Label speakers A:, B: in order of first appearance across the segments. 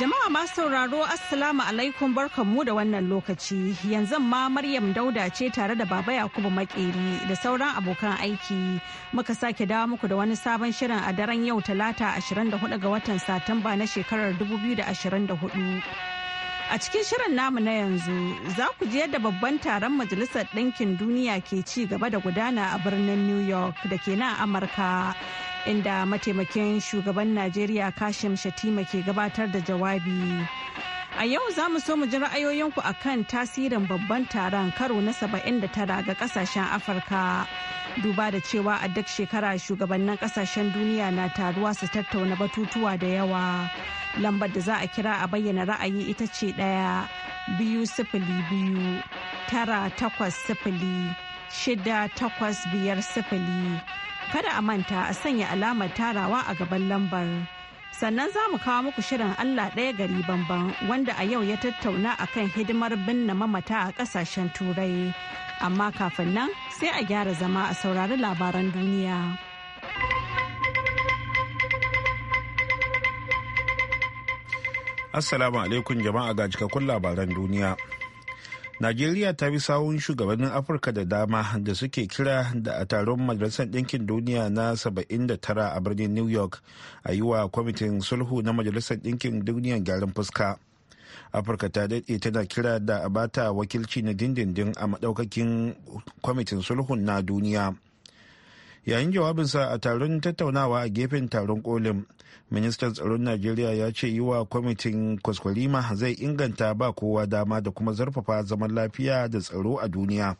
A: Jama'a masu sauraro Assalamu alaikum barkanmu da wannan lokaci yanzu ma Maryam Dauda ce tare da Baba Yakubu Makeri da sauran abokan aiki muka sake dawo muku da wani sabon shirin a daren yau talata 24 ga watan Satumba na shekarar 2024. A cikin shirin namu na yanzu za ku ji yadda babban taron Majalisar Ɗinkin Duniya ke ci gaba da gudana a birnin New York da ke nan Amurka. inda mataimakin shugaban Najeriya Kashim Shatima ke gabatar da jawabi. A yau za mu so mu ji ra'ayoyinku a kan tasirin babban taron karo na saba'in da tara ga kasashen Afirka. Duba da cewa a duk shekara shugabannin kasashen duniya na taruwa su tattauna batutuwa da yawa. Lambar da za a kira a bayyana ra'ayi ita ce ɗaya biyu sifili biyu tara takwas sifili shida takwas biyar sifili. kada a manta a sanya alamar tarawa a gaban lambar. Sannan za mu kawo muku shirin Allah ɗaya gari bamban wanda a yau ya tattauna a kan hidimar binne mamata a ƙasashen turai. Amma kafin nan sai a gyara zama a saurari labaran duniya.
B: Assalamu alaikum jama'a ga cikakkun labaran duniya. najeriya ta bi sawun shugabannin afirka da dama da suke kira da a taron majalisar ɗinkin duniya na 79 a birnin new york a yi wa kwamitin sulhu na majalisar ɗinkin duniya gyaran fuska afirka ta daɗe tana kira da a bata wakilci na dindindin a maɗaukakin kwamitin sulhun na duniya yayin jawabinsa a taron tattaunawa a gefen taron kolin ministan tsaron najeriya ya ce yi wa kwamitin kwaskwarima zai inganta ba kowa dama da kuma zarfafa zaman lafiya da tsaro a duniya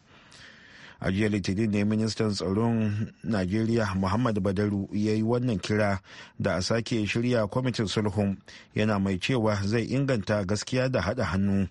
B: a jiya litinin ne ministan tsaron najeriya muhammad badaru ya yi wannan kira da a sake shirya kwamitin sulhun yana mai cewa zai inganta gaskiya da haɗa hannu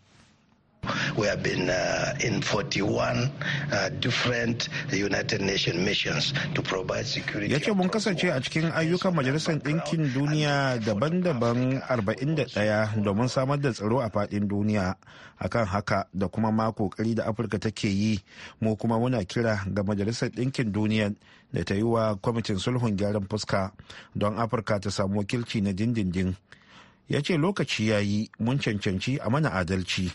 B: We have
C: been uh,
B: in 41 uh, different United Nations
D: missions to provide security.
B: Yace mun kasance a cikin ayyukan Majalisar dinkin Duniya daban-daban 41 uh, domin samar da tsaro a fadin duniya. Akan haka da kuma ma kokari da Afirka take yi, mu kuma muna kira ga Majalisar dinkin Duniya da ta yi wa kwamitin sulhun gyaran fuska don Afirka ta samu wakilci na dindindin. yace lokaci yayi mun cancanci a mana adalci.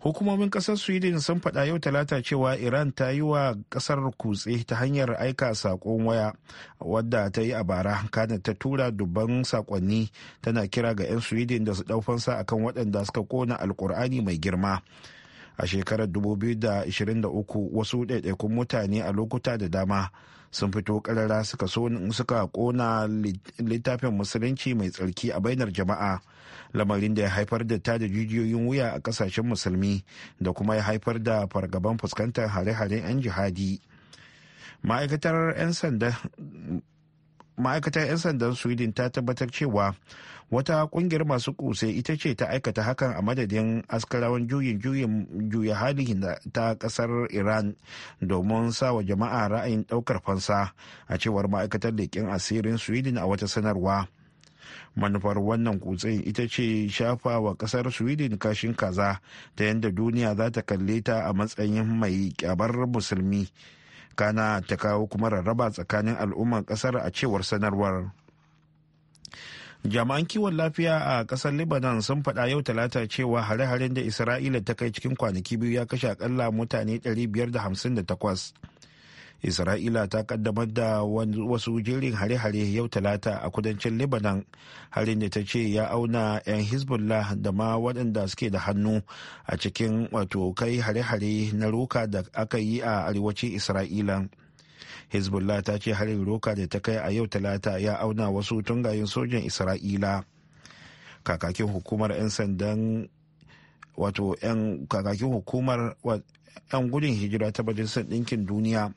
B: hukumomin kasar sweden sun faɗa yau talata cewa iran ta yi wa kasar kutse ta hanyar aika sakon waya wadda ta yi a bara kana ta tura dubban saƙonni tana kira ga 'yan sweden da su fansa akan waɗanda suka kona alkur'ani mai girma a shekarar 2023 wasu ɗaiɗaikun mutane a lokuta da dama sun fito karara suka so suka kona littafin musulunci mai tsarki a bainar jama'a lamarin da ya haifar da tada jijiyoyin wuya a kasashen musulmi da kuma ya haifar da fargaban fuskantar hare-haren 'yan jihadi ma'aikatar 'yan sanda ma'aikatar 'yan sandan sweden ta tabbatar cewa wata kungiyar masu kuse ita ce ta aikata hakan a madadin askarawan juyin juyin juya hali ta kasar iran domin sawa jama'a ra'ayin daukar fansa a cewar ma'aikatar leƙen asirin sweden a wata sanarwa manufar wannan kutsen ita ce shafa wa kasar sweden kashin kaza ta yadda duniya za ta kalle ta a matsayin mai kyabar musulmi kana ta kawo kuma rarraba tsakanin al'ummar kasar a cewar sanarwar jama'an kiwon lafiya a kasar lebanon sun faɗa yau talata cewa hare-haren da isra'ila ta kai cikin kwanaki biyu ya kashe akalla mutane 558 isra'ila ta kaddamar da wasu jirin hare-hare yau talata a kudancin lebanon harin da ta ce ya auna 'yan hezbollah da ma waɗanda suke da hannu a cikin wato kai hare-hare na roka da aka yi a arewacin isra'ila hezbollah ta ce harin roka da ta kai a yau talata ya auna wasu tungayen sojan isra'ila kakakin hukumar 'yan sandan wato 'yan gudun hijira ta majalisar ɗinkin duniya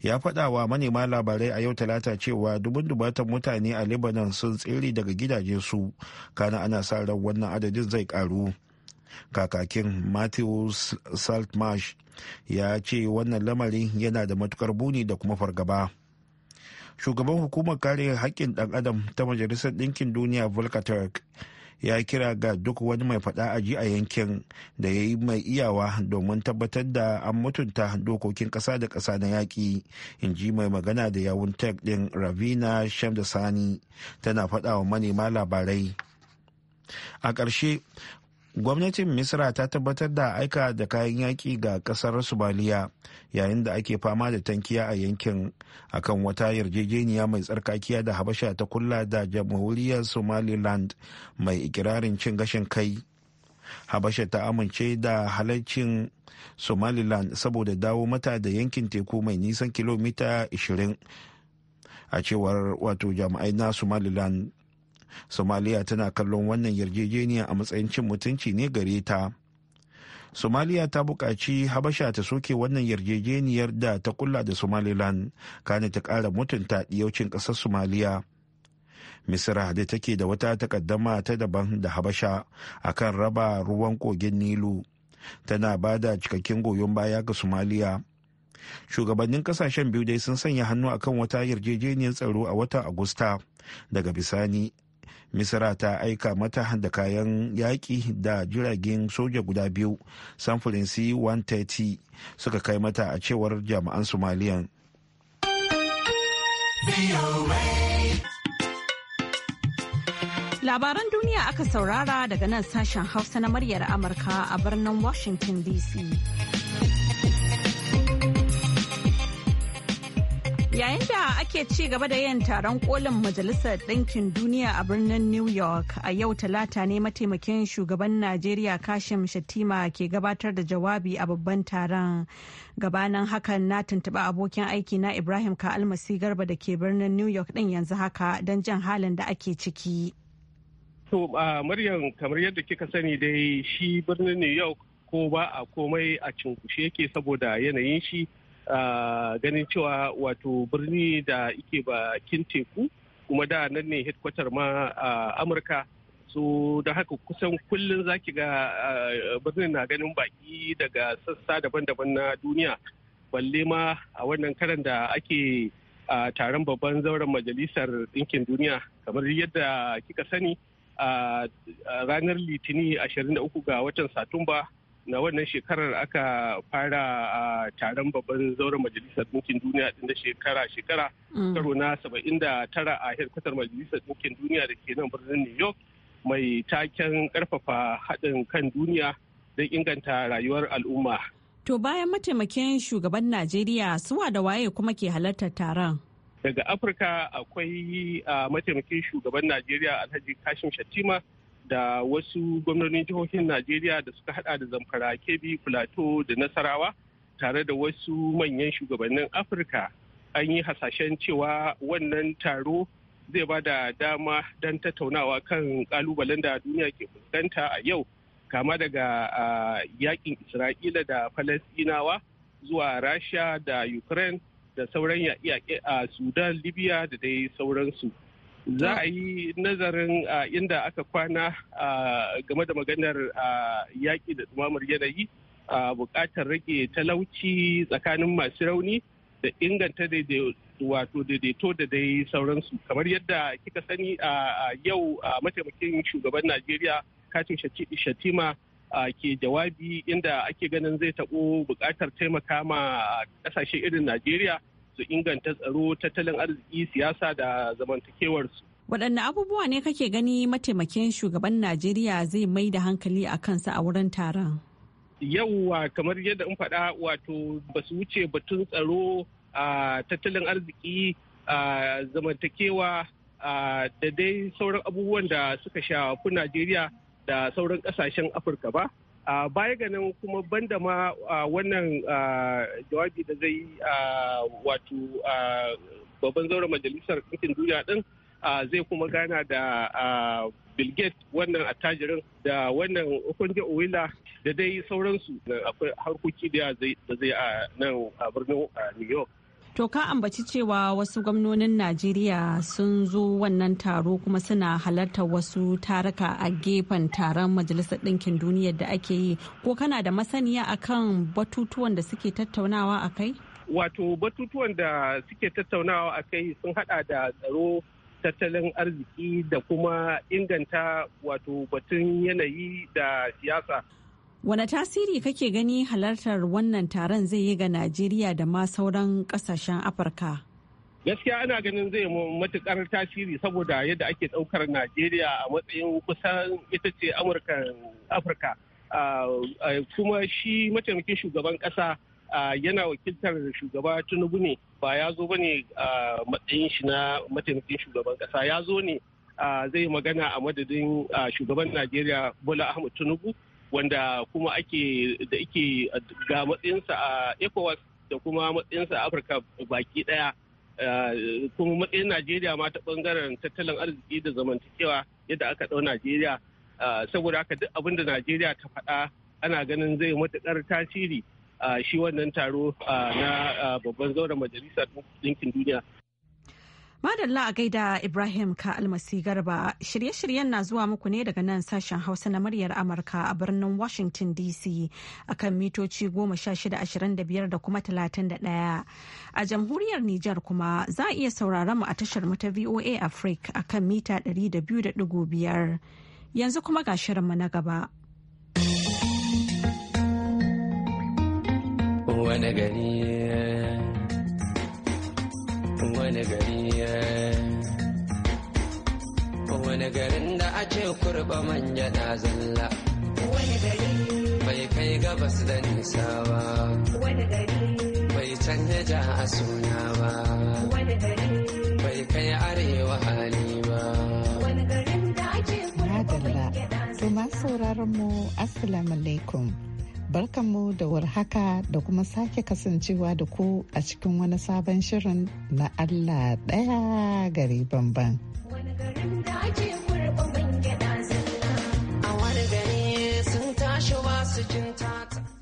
B: ya faɗa wa manema labarai a yau talata cewa dubun dubatan mutane a lebanon sun tsere daga gidaje su kana ana sa ran wannan adadin zai karu kakakin matthew saltmarsh ya ce wannan lamarin yana da matukar buni da kuma fargaba shugaban hukumar kare haƙƙin dan adam ta majalisar ɗinkin duniya volker ya kira ga duk wani mai faɗa aji a yankin da ya yi mai iyawa domin tabbatar da an mutunta dokokin ƙasa da ƙasa na yaƙi in ji mai magana da yawun tech ɗin ravina sani tana faɗa wa manema labarai a ƙarshe gwamnatin misra ta tabbatar da aika da kayan yaƙi ga ƙasar somaliya yayin da ake fama da tankiya a yankin akan wata yarjejeniya mai tsarkakiya da habasha ta kulla da jamhuriyar somaliland mai ikirarin cin gashin kai habasha ta amince da halarcin somaliland saboda dawo mata da yankin teku mai nisan kilomita 20 a cewar wato jami'ai na somaliland somaliya tana kallon wannan yarjejeniya a matsayin cin mutunci ne gare ta somaliya ta buƙaci habasha ta soke wannan yarjejeniyar da ta kula da somaliland kane ta ƙara mutunta ɗiyaucin ƙasar somaliya misira da take da wata takaddama ta daban da habasha a kan raba ruwan kogin nilu tana ba da cikakken goyon baya ga somaliya shugabannin kasashen biyu dai sun sanya hannu akan wata yarjejeniyar tsaro a watan agusta daga bisani misira ta aika mata da kayan yaƙi da jiragen soja guda biyu samfurin c-130 suka kai mata a cewar jami'an somaliyan
A: labaran duniya aka saurara daga nan sashen hausa na maryar amurka a birnin washington dc Yayin da ake ci gaba da yin taron kolin Majalisar Ɗinkin Duniya a birnin New York a yau talata ne mataimakin shugaban Najeriya Kashim shatima ke gabatar da jawabi a babban taron. Gabanin hakan na tuntuɓa abokin aiki na Ibrahim Ka'almasi Garba da ke birnin New York ɗin yanzu haka don jan halin da ake ciki.
E: To, Maryam kamar yadda kika sani dai shi birnin New York ko ba a komai a cinkushe yake saboda yanayin shi. ganin cewa wato birni da ike bakin teku kuma da nan ne headquarter ma a amurka so da haka kusan kullum zaki ga birnin na ganin baki daga sassa daban-daban na duniya balle ma a wannan karan da ake taron babban zauren majalisar ɗinkin duniya kamar yadda kika sani a ranar litini 23 ga watan satumba na wannan shekarar aka fara a taron babban zauren majalisar dinkin duniya din da shekara-shekara mm. karo na saba'in da tara a hedkwatar majalisar dinkin duniya da ke nan birnin new york mai taken karfafa haɗin kan duniya don inganta rayuwar al'umma
A: to bayan mataimakin shugaban najeriya suwa da waye kuma ke halartar taron
E: daga afirka akwai mataimakin shugaban najeriya alhaji kashim Shattima. da wasu gwamnonin jihohin najeriya da suka hada da zamfara kebbi plateau da nasarawa tare da wasu manyan shugabannin afirka an yi hasashen cewa wannan taro zai ba da dama don tattaunawa kan kalubalen da duniya ke fuskanta a yau kama daga yakin isra'ila da falasdinawa zuwa rasha da ukraine da sauran yaƙe a sudan libya da dai sauransu za a mm. yi nazarin inda aka kwana game da maganar yaƙi da dumamar yanayi a buƙatar rage talauci tsakanin masu rauni da inganta wato daidaito da dai sauransu kamar yadda kika sani a yau mataimakin shugaban najeriya katin shatima ke jawabi inda ake ganin zai taɓo buƙatar taimaka ma ƙasashe irin najeriya su inganta tsaro tattalin arziki siyasa da zamantakewarsu.
A: waɗanne abubuwa ne kake gani mataimakin shugaban najeriya zai mai da hankali a kansa a wurin taron
E: Yau kamar yadda in faɗa wato ba su wuce batun tsaro a tattalin arziki a zamantakewa da dai sauran abubuwan da suka shafi najeriya da sauran ƙasashen afirka ba baya ga nan kuma banda ma wannan jawabi da zai wato babban zauren majalisar ɗinkin duniya ɗin zai kuma gana da bill gates wannan attajirin da wannan okonjo owila da dai sauransu akwai harkoki da zai a nan birnin new
F: york
A: To ka ambaci cewa wasu gwamnonin Najeriya sun zo wannan taro kuma suna halarta wasu taruka a gefen taron Majalisar Ɗinkin duniya da ake yi. Ko kana da masaniya akan batutuwan da suke tattaunawa a kai? Wato
E: batutuwan da suke tattaunawa a kai sun hada da tsaro tattalin arziki da kuma inganta wato batun yanayi da siyasa.
A: Wane tasiri kake gani halartar wannan taron zai yi ga Najeriya da ma sauran kasashen Afirka?
E: Gaskiya ana ganin zai matukar tasiri saboda yadda ake ɗaukar Najeriya a matsayin kusan ita ce Amurka Afirka. Kuma shi mataimakin shugaban ƙasa yana wakiltar shugaba Tinubu ne ba ya zo ba ne matsayin shi na mataimakin shugaban ƙasa ya zo ne zai magana a madadin shugaban Najeriya Bola Ahmed Tinubu. wanda kuma ake da ike ga matsayinsa a ecowas da kuma matsayinsa a afirka baki daya eh, kuma matsayin najeriya ma ta bangaren tattalin arziki da zamantakewa yadda aka ɗau najeriya eh, saboda haka duk abin da najeriya ta faɗa ana ganin zai matuƙar tasiri shi wannan taro eh, na babban zauren majalisar ɗinkin duniya
A: Madalla a gaida Ibrahim ka almasi garba shirye-shiryen na zuwa muku ne daga nan sashen Hausa na muryar Amurka a birnin Washington DC akan mitoci 1625 da kuma 31. A jamhuriyar Nijar kuma za a iya sauraron mu a tashar mu ta VOA Africa a kan mita 200.5. Yanzu kuma ga shirinmu na gaba.
C: gari wani gari eh. wani garin da a ce kurba manya na zalla wani gari bai kai gabas da nisa ba wani gari bai canja ja a suna ba wani gari bai kai arewa hali ba wani garin da ce
G: kurba manya na zalla to masu sauraron mu assalamu alaikum barkanmu da warhaka da kuma sake kasancewa da ku a cikin wani sabon shirin na Allah ɗaya gari banban.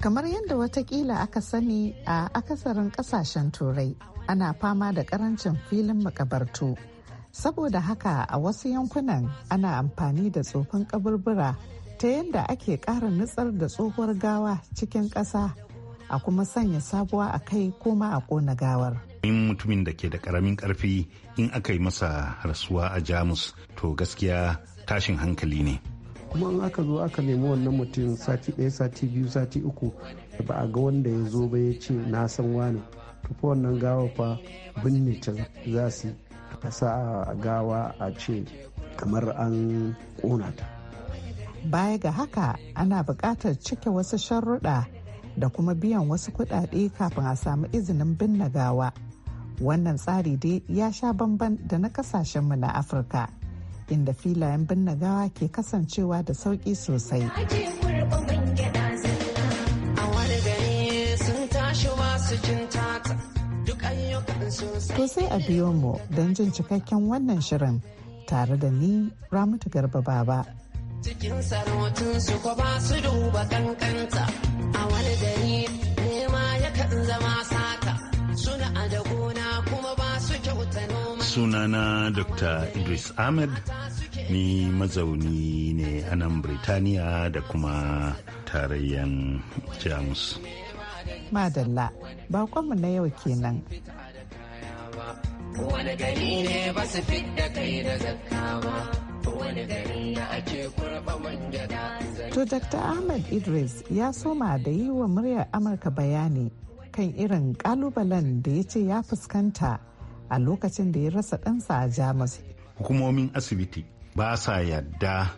G: kamar yadda watakila aka sani a akasarin kasashen turai ana fama da karancin filin makabartu saboda haka a wasu yankunan ana amfani da tsofin kaburbura ta yadda ake ƙara nutsar da tsohuwar gawa cikin ƙasa a kuma sanya sabuwa a kai koma a ƙona gawar.
H: in mutumin da ke da ƙaramin ƙarfi in aka yi masa rasuwa a jamus to gaskiya tashin hankali ne
D: kuma in aka zo aka nemi wannan mutum sati ɗaya sati biyu sati uku ba a ga wanda ya zo ba ya ce na san wane tufa wannan gawa fa binne ta za su sa gawa a ce kamar an ƙona ta
G: Baya ga haka ana buƙatar cike wasu sharruɗa da kuma biyan wasu kuɗaɗe kafin a samu izinin binne gawa. Wannan tsari dai ya sha bamban da na kasashenmu na Afirka, inda filayen binne gawa ke kasancewa da sauƙi sosai. To sai a biyo mu don jin cikakken wannan shirin tare da ni Ramatu Garba Baba.
C: Cikin sarautun su ko ba su duba kankanta a wani gari nema yakan zama saka suna a da gona kuma ba su kyauta noma.
H: Sunana Dr. Idris Ahmed ni mazauni ne a nan Birtaniya da kuma tarayyan Jamus.
G: Madalla, bakonmu na yau kenan.
C: Wani
H: gari ne ba su fit da kai daga zakka
G: ba.
C: To Dr. Ahmad
G: Idris ya soma da yi wa muryar Amurka bayani kan irin ƙalubalen da ya ce ya fuskanta a lokacin da ya rasa ɗansa a Jamus.
H: Hukumomin asibiti ba sa yadda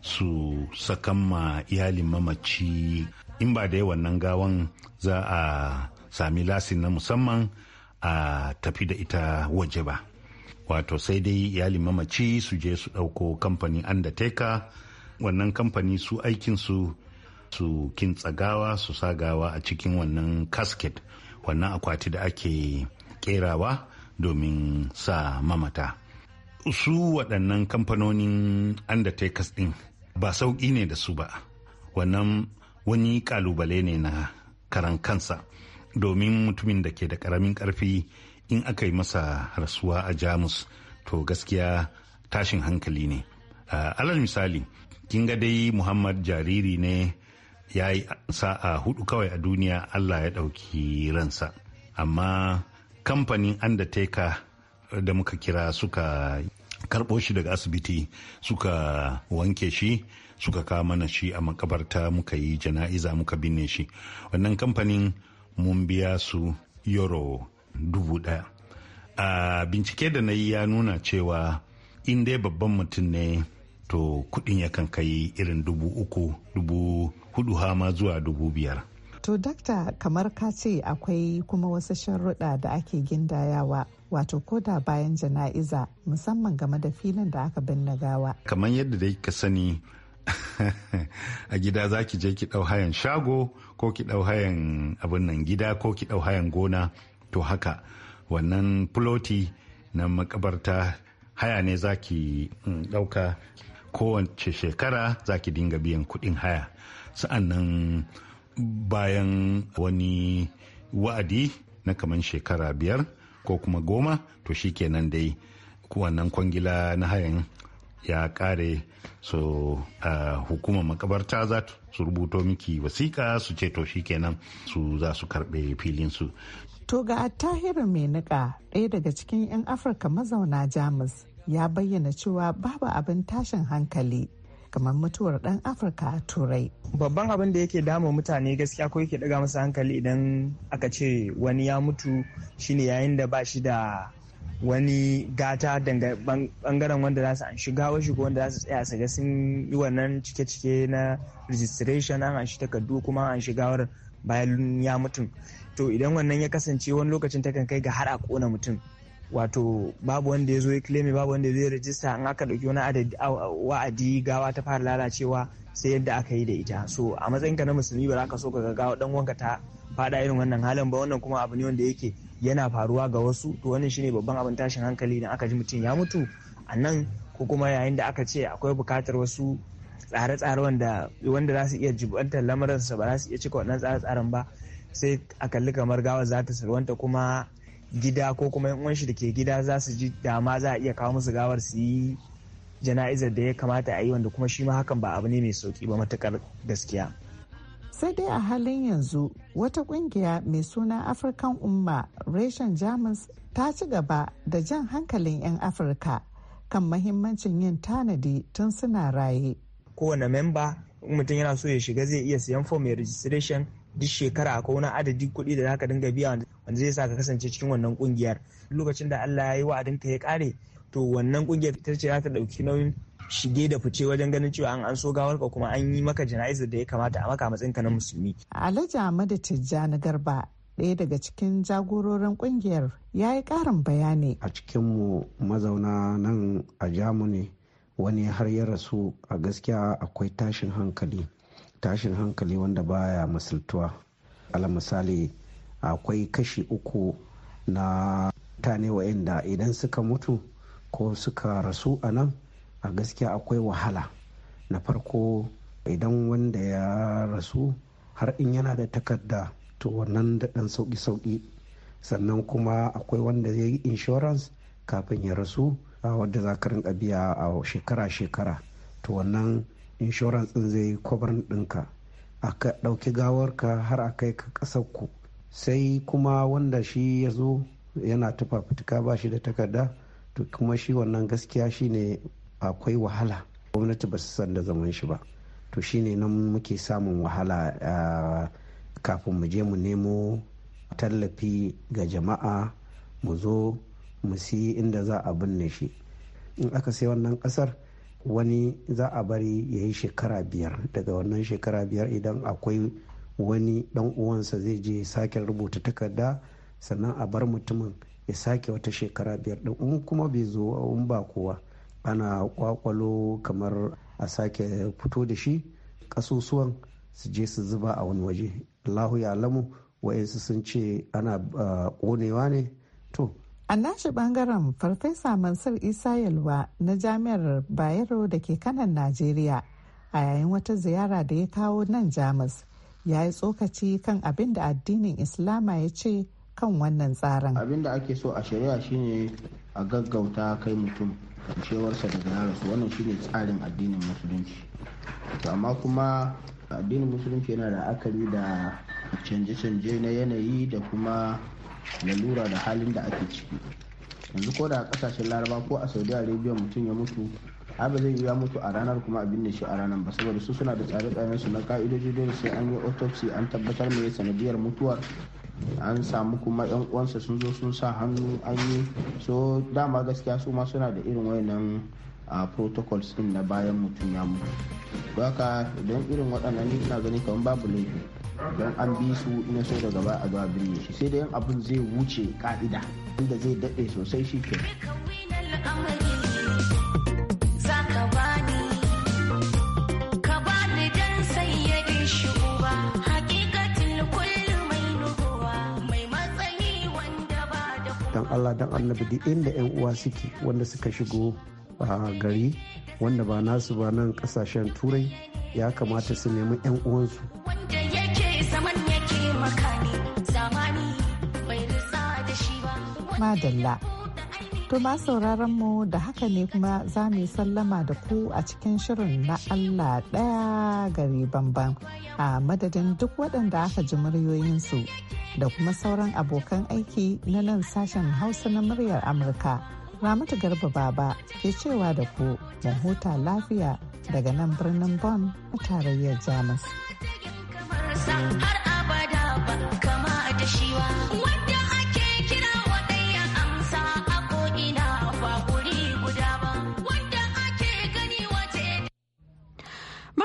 H: su sakan ma iyalin mamaci in ba da yawan nan gawan za a sami lasin na musamman a tafi da ita waje ba. wato sai dai iyalin mamaci su je su ɗauko kamfanin undertaker wannan kamfani su aikinsu su kintsa gawa su sa gawa a cikin wannan casket wannan akwati da ake kerawa domin sa mamata su waɗannan kamfanonin undertakers ɗin ba sauƙi ne da su ba wannan wani kalubale ne na karan kansa domin mutumin da ke da ƙaramin ƙarfi in aka yi masa rasuwa a jamus to gaskiya tashin hankali ne alal misali kin ga dai muhammad jariri ne ya yi sa'a hudu kawai a duniya allah ya ɗauki ransa amma kamfanin undertaker da muka kira suka karɓo shi daga asibiti suka wanke shi suka kawo mana shi a makabarta muka yi jana'iza muka binne shi wannan kamfanin mun biya su euro dubu ɗaya a bincike da na yi ya nuna cewa in dai babban mutum ne to kuɗin yakan kai irin dubu uku dubu hudu hama zuwa dubu biyar
G: To dakta kamar ka ce akwai kuma wasu sharuɗa da ake gindayawa wato ko da bayan jana'iza musamman game da filin da aka binne gawa.
H: Kamar yadda dai ka sani a gida za ki je ki ɗau hayan shago ko ki ɗau hayan abin nan gida ko ki ɗau hayan gona to haka wannan filoti na makabarta haya ne za ki mm, ɗauka kowace shekara za ki dinga biyan kuɗin haya sa'annan bayan wani wa'adi na kaman shekara biyar ko kuma goma to shi kenan dai wannan kwangila na hayan ya kare so uh, hukuma makabarta za su rubuto miki wasiƙa su ce to shi kenan su za su karɓe filin su
G: To ga Tahir mai nika ɗaya daga cikin 'yan Afirka mazauna Jamus ya bayyana cewa babu abin tashin hankali kamar mutuwar ɗan Afirka a Turai. Babban abin da
F: yake dama mutane gaskiya ko yake daga masa hankali idan aka ce wani ya mutu shine yayin da ba shi da wani gata daga bangaren wanda za su an shiga wa shiga wanda za su tsaya su ga sun yi wannan cike-cike na registration an an shi takardu kuma an shiga. bayan ya mutum to idan wannan ya kasance wani lokacin kan kai ga har a kona mutum wato babu wanda ya zo ya claim babu wanda zai rajista an aka dauki wani wa'adi gawa ta fara lalacewa sai yadda aka yi da ita so a matsayin ka na musulmi ba za ka so ka ga gawa dan wanka ta fada irin wannan halin ba wannan kuma abu ne wanda yake yana faruwa ga wasu to wannan shine babban abin tashin hankali idan aka ji mutum ya mutu a nan ko kuma yayin da aka ce akwai bukatar wasu tsare-tsare wanda wanda za su iya jibantar lamarinsa ba za su iya cika wannan tsare-tsaren ba sai a kalli kamar gawar za ta sarwanta kuma gida ko kuma yan shi da ke gida za su ji dama za a iya kawo musu gawar su yi jana'izar da ya kamata a yi wanda kuma shi ma hakan ba abu ne mai sauki ba matukar gaskiya
G: sai dai a halin yanzu wata kungiya mai suna african umma reshen jamus ta ci gaba da jan hankalin 'yan afirka kan mahimmancin yin tanadi tun suna raye
F: kowane memba mutum yana so ya shiga zai iya siyan form ya registration duk shekara a wani adadin kuɗi da zaka dinga biya wanda zai sa ka kasance cikin wannan kungiyar lokacin da Allah ya yi wa'adin ka ya kare to wannan kungiyar ta ce za ta dauki nauyin shige da fice wajen ganin cewa an an so gawar ka kuma an yi maka jana'izar da ya kamata a maka matsayin ka na musulmi
G: Alhaji tijja na Garba ɗaya daga cikin jagororin kungiyar
D: ya yi karin bayani a cikin mu mazauna nan a Jamuni wani har ya rasu a gaskiya akwai tashin hankali tashin hankali wanda baya misaltuwa ala misali akwai kashi uku na tane wa'inda idan suka mutu ko suka rasu a nan a gaskiya akwai wahala na farko idan wanda ya rasu har in yana da takarda to wannan da ɗan sauƙi-sauƙi sannan kuma akwai wanda zai yi insurance kafin ya rasu wadda za ka rinka biya a shekara-shekara to wannan insurance ɗin zai kwabar ɗinka aka ɗauki gawarka har a kai ka ƙasar ku sai kuma wanda shi ya zo yana tufa fitika ba shi da takarda to kuma shi wannan gaskiya shi ne akwai wahala gwamnati ba su san da zaman shi ba to shi ne nan muke samun wahala kafin mu je mu nemo tallafi ga jama'a mu zo mu siyi inda za a binne shi in aka sai wannan kasar wani za a bari ya yi shekara biyar daga wannan shekara biyar idan akwai wani dan uwansa zai je sake rubuta takarda sannan a bar mutumin ya sake wata shekara biyar din in kuma bai zo in ba kowa ana kwakwalo kamar a sake fito da shi kasusuwan su je su zuba a wani waje lahu ya alamu wa'insu sun ce ana konewa ah, ne
G: to A nashi bangaren Farfesa Mansur Isa Yalwa na Jami'ar Bayero da ke kanan Najeriya a yayin wata ziyara da ya kawo nan Jamus ya yi tsokaci kan abin da addinin Islama ya ce kan wannan tsarin. Abin
D: da ake so a shari'a shine a gaggauta kai mutum cewarsa daga yarasu wannan shine tsarin addinin musulunci. To amma kuma addinin musulunci yana da akari da canje-canje na yanayi da kuma lalura da halin da ake ciki yanzu ko da a kasashen laraba ko a saudi arabia mutum ya mutu abu zai ya mutu a ranar kuma abin da shi a ranar ba saboda su suna da tsare-tsaren su na ka'idoji dole sai an yi autopsy an tabbatar mai sanadiyar mutuwar an samu kuma yan uwansa sun zo sun sa hannu an yi so dama gaskiya su ma suna da irin wayannan a protocol din na bayan mutum ya mutu haka idan irin waɗannan ne ina ganin kamar babu laifi don an bi su ina so daga ba a zuwa birni sai da yan abin zai wuce ka'ida inda zai daɗe sosai shi ke dan Allah dan annabi duk inda 'yan uwa suke wanda suka shigo a gari wanda ba nasu ba nan kasashen turai ya kamata su nemi 'yan uwansu
A: zaman yake makani
G: madalla to ma sauraron mu da haka ne kuma za mu sallama da ku a cikin shirin na Allah ɗaya gari bamban a madadin duk waɗanda aka ji muryoyinsu da kuma sauran abokan aiki na nan sashen hausa na muryar amurka ramatu garba baba ke cewa da ku mu huta lafiya daga nan birnin Bonn a tarayyar jamus barsa har
H: abada ba kama da dashiwa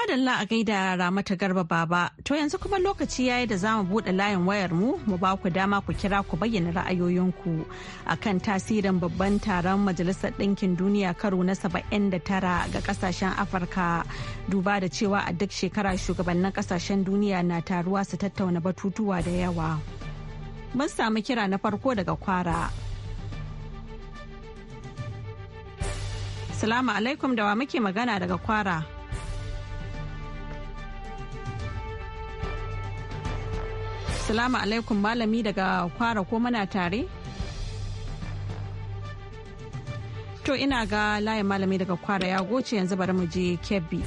A: madalla a gaida ramata garba baba to yanzu kuma lokaci yayi da za mu buɗe layin wayar mu mu ba ku dama ku kira ku bayyana ra'ayoyinku akan tasirin babban taron majalisar ɗinkin duniya karo na 79 ga ƙasashen afirka duba da cewa a duk shekara shugabannin ƙasashen duniya na taruwa su tattauna batutuwa da yawa mun samu kira na farko daga kwara salamu alaikum da wa muke magana daga kwara Assalamu alaikum malami daga kwara ko mana tare? To ina ga layin malami daga kwara ya goce yanzu bari mu je Kebbi.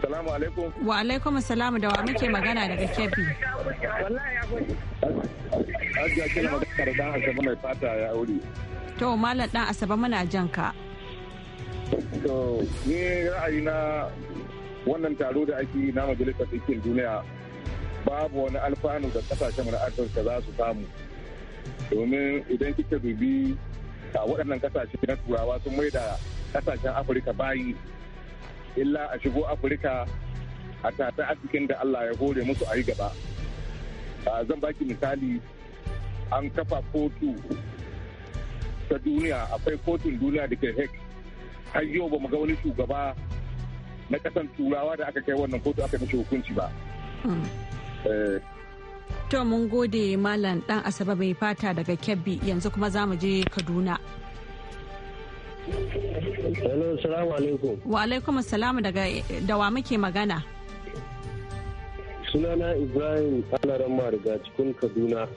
C: Assalamu alaikum.
A: Wa alaikum assalam da wa muke magana daga Kebbi.
C: Wallahi ya goce. magana da Asabe mai fata ya wuri.
A: To malam dan Asabe muna jan ka.
C: To ni ra'ayi na wannan taro da ake na majalisar ɗinkin duniya babu wani alfanu da kasashen na afirka za su samu domin idan kika dubi a waɗannan kasashe na turawa sun mai da kasashen afirka bayi illa a shigo afirka a tata arzikin da allah ya hore musu a yi gaba zan baki misali an kafa kotu ta duniya akwai kotun duniya da ke hek har yau ba mu ga wani shugaba na kasan turawa da aka kai wannan kotu aka mishi hukunci ba
A: hmm. Eh. To mun gode Malam ɗan Asabe mai fata daga Kebbi yanzu kuma za mu je Kaduna.
C: salamu alaikum.
A: Wa alaikum salamu daga dawa muke magana.
C: Sunana Ibrahim Alarama daga cikin Kaduna.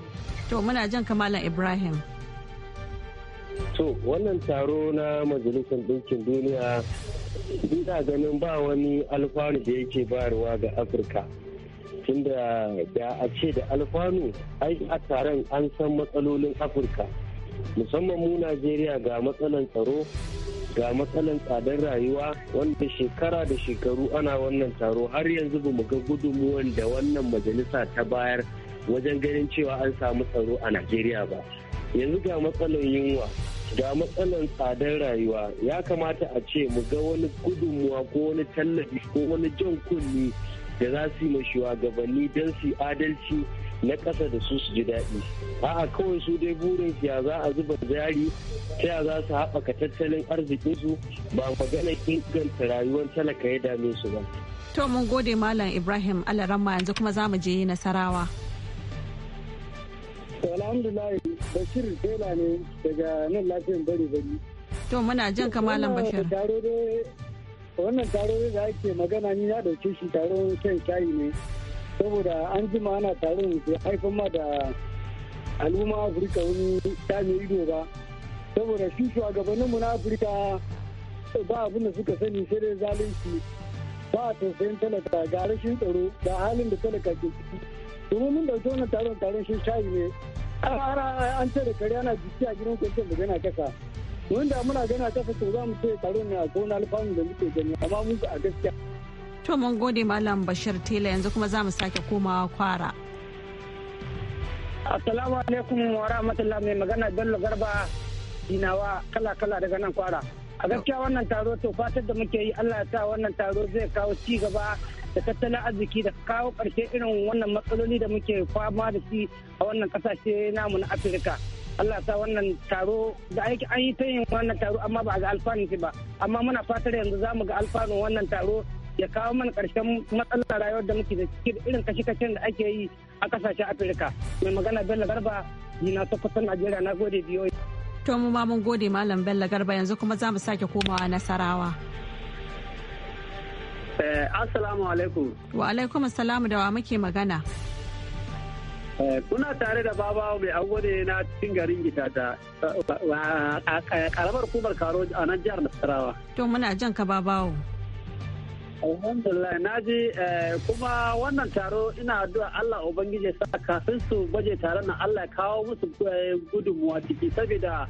A: To muna jan kamalan Ibrahim.
C: To wannan taro na Majalisar Ɗinkin Duniya, ina ganin ba wani alfanu da yake bayarwa ga Afirka. tunda da a ce da alfanu ai a taron an san matsalolin afirka musamman mu najeriya ga matsalan tsaro ga matsalan tsadar rayuwa wanda shekara da shekaru ana wannan taro har yanzu ba mu ga gudunmuwan da wannan majalisa ta bayar wajen ganin cewa an samu tsaro a najeriya ba yanzu ga matsalan yunwa ga matsalan tsadar rayuwa ya kamata a ce mu ga wani gudunmuwa ko wani tallafi ko wani jan kunni da za su yi ma shugabanni don su adalci na ƙasa da su su ji daɗi a'a kawai su dai burin ya za a zuba jari ta ya za su haɓaka tattalin arzikinsu ba magana inganta rayuwar talaka ya dame su ba
A: to mun gode malam ibrahim alaramma yanzu kuma za mu je nasarawa
C: alhamdulilayi bashir tela ne daga nan lafiyan bari bari to muna jin ka malam bashir wannan taro da ake magana ni na dauke shi taron shan shayi ne saboda an ma ana taron su haifar ma da al'umma afirka wani sami ido ba saboda shi mu na afirka ba abin suka sani sai dai zalunci ba a tausayin talaka ga rashin tsaro ga halin da talaka ke ciki domin mun dauki wannan taron taron shi shayi ne an tare kare ana jiki a gidan kwanciyar magana kasa wanda muna gana ta fito za mu ce karo ne a gona alfanu da muke gani amma mu a gaskiya.
A: To mun gode Malam Bashir Tela yanzu kuma za mu sake komawa kwara.
C: Assalamu alaikum wa rahmatullah mai magana Bello Garba Dinawa kala kala daga nan kwara. A gaskiya wannan taro to fatar da muke yi Allah ya sa wannan taro zai kawo ci gaba da tattalin arziki da kawo ƙarshe irin wannan matsaloli da muke fama da shi a wannan kasashe namu na Afirka. Allah sa wannan taro da aiki an yi ta yin wannan taro amma ba a ga alfanu ba amma muna fatar yanzu za mu ga alfanu wannan taro ya kawo mana karshen matsalar rayuwar da muke da cikin irin kashe-kashen da ake yi a kasashen Afirka mai magana Bello Garba na Sokoto Najeriya na gode biyo.
A: To mu ma mun gode Malam Bello Garba yanzu kuma za mu sake komawa Nasarawa.
C: Eh, assalamu alaikum. Wa
A: alaikum assalamu da wa muke magana.
C: Eh, kuna tare da baba mai agwade na cikin garin gita da eh, eh, karamar kumar karo a nan jihar Nasarawa.
A: To muna jan ka babawa.
C: Alhamdulillah na ji kuma wannan taro ina addu'a Allah Ubangiji sa kafin su baje taron nan Allah ya kawo musu gudunmuwa ciki saboda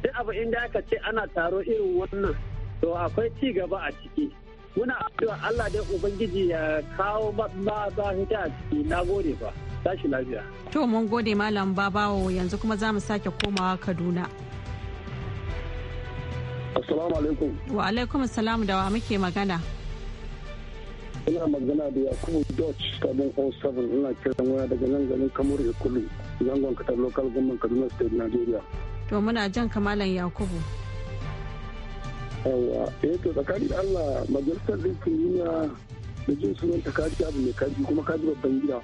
C: sai abu inda aka ce ana taro irin wannan to akwai ci gaba a ciki. Muna addu'a Allah dai Ubangiji ya kawo ba ba fita a ciki na gode ba. tashi lafiya.
A: To mun gode Malam Babawo yanzu kuma za mu sake komawa Kaduna.
C: Assalamu alaikum.
A: Wa alaikum salam da wa muke magana.
C: Ina magana da Yakubu Dutch Kabin 07 ina kiran waya daga nan ganin Kamur Ikulu zangon katar local government Kaduna State Nigeria.
A: To muna jan kamalan Yakubu.
C: Yawwa, eh to tsakani da Allah majalisar ɗinkin duniya da jin sunan ta kaji abu mai kaji kuma kaji babban gida.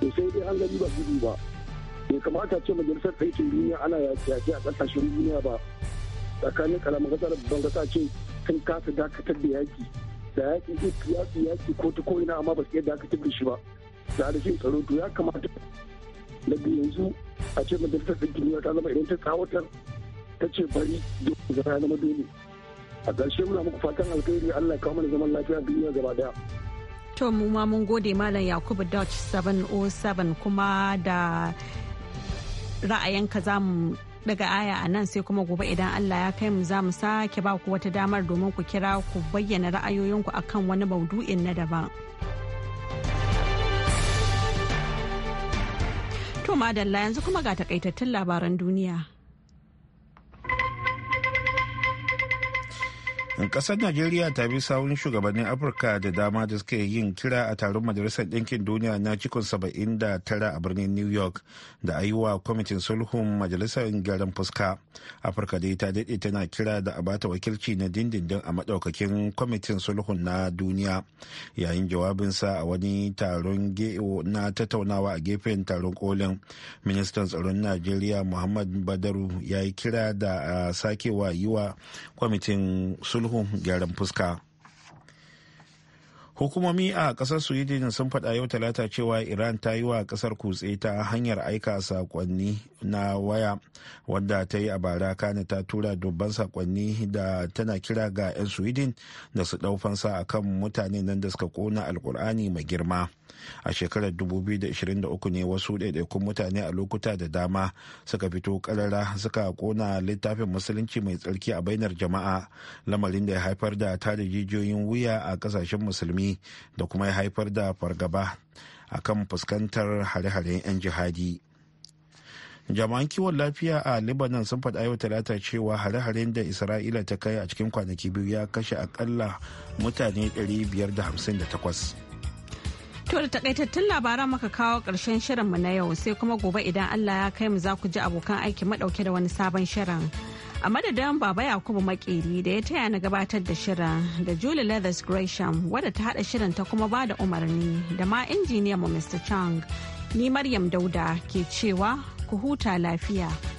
C: to sai dai an gani ba gudu ba ya kamata ce majalisar aikin duniya ana yaƙi a ƙasashen duniya ba tsakanin karamar ƙasa da babban ƙasa ce sun kasa dakatar da yaki da yaƙi yaƙi yaƙi ko ta koyina amma ba su iya dakatar da shi ba da tsaro to ya kamata na biyu yanzu a ce majalisar aikin duniya ta zama idan ta tsawatar ta ce bari dole zama dole a ƙarshe muna muku fatan alkhairi Allah ya kawo mana zaman lafiya duniya gaba daya
A: to mu ma mun gode malam yakubu dutch 707 kuma da ra'ayinka za mu daga aya a nan sai kuma gobe idan Allah ya kai mu za mu sake ba ku wata damar domin ku kira ku bayyana ra'ayoyinku akan wani maudu'in na daban. To madalla yanzu kuma ga takaitattun labaran duniya.
B: Ƙasar Najeriya ta bi sawun shugabannin Afirka da dama da suke yin kira a taron Majalisar Ɗinkin Duniya na cikin tara a birnin New York da wa kwamitin sulhun Majalisar Gyaran Fuska. Afirka dai ta daɗe tana kira da a bata wakilci na dindindin a maɗaukakin kwamitin sulhun na duniya. Yayin jawabinsa a wani taron na tattaunawa a gefen taron kolin, ministan tsaron Najeriya Muhammad Badaru ya yi kira da a sakewa yiwa kwamitin sulhun sulhun gyaran fuska hukumomi a kasar sweden sun faɗa yau talata cewa iran ta yi wa kasar kutse ta hanyar aika sakonni na waya wadda ta yi a bara kana ta tura dubban sakonni da tana kira ga 'yan sweden da su ɗaufansa a akan mutane nan da suka kona alkur'ani mai girma a shekarar 2023 ne wasu ɗaiɗaikun mutane a lokuta da dama suka fito karara suka kona littafin musulunci mai tsarki a bainar jama'a lamarin da ya haifar da tada jijiyoyin wuya a kasashen musulmi da kuma ya haifar da fargaba a kan fuskantar hare-haren 'yan jihadi. jama'an kiwon lafiya a libanon sun faɗa yau talata cewa hare-haren da isra'ila ta kai a cikin kwanaki biyu ya kashe akalla mutane 558
A: To da takaitattun labaran muka kawo ƙarshen shirinmu na yau sai kuma gobe idan Allah ya kai mu za ku ji abokan aiki madauke da wani sabon shirin. A madadin Baba Yakubu Makeri da ya taya na gabatar da shirin da Julie Leathers Gresham wadda ta haɗa shirin ta kuma ba da umarni da ma injiniyanmu Mr. Chang. Ni Maryam Dauda ke cewa ku huta lafiya.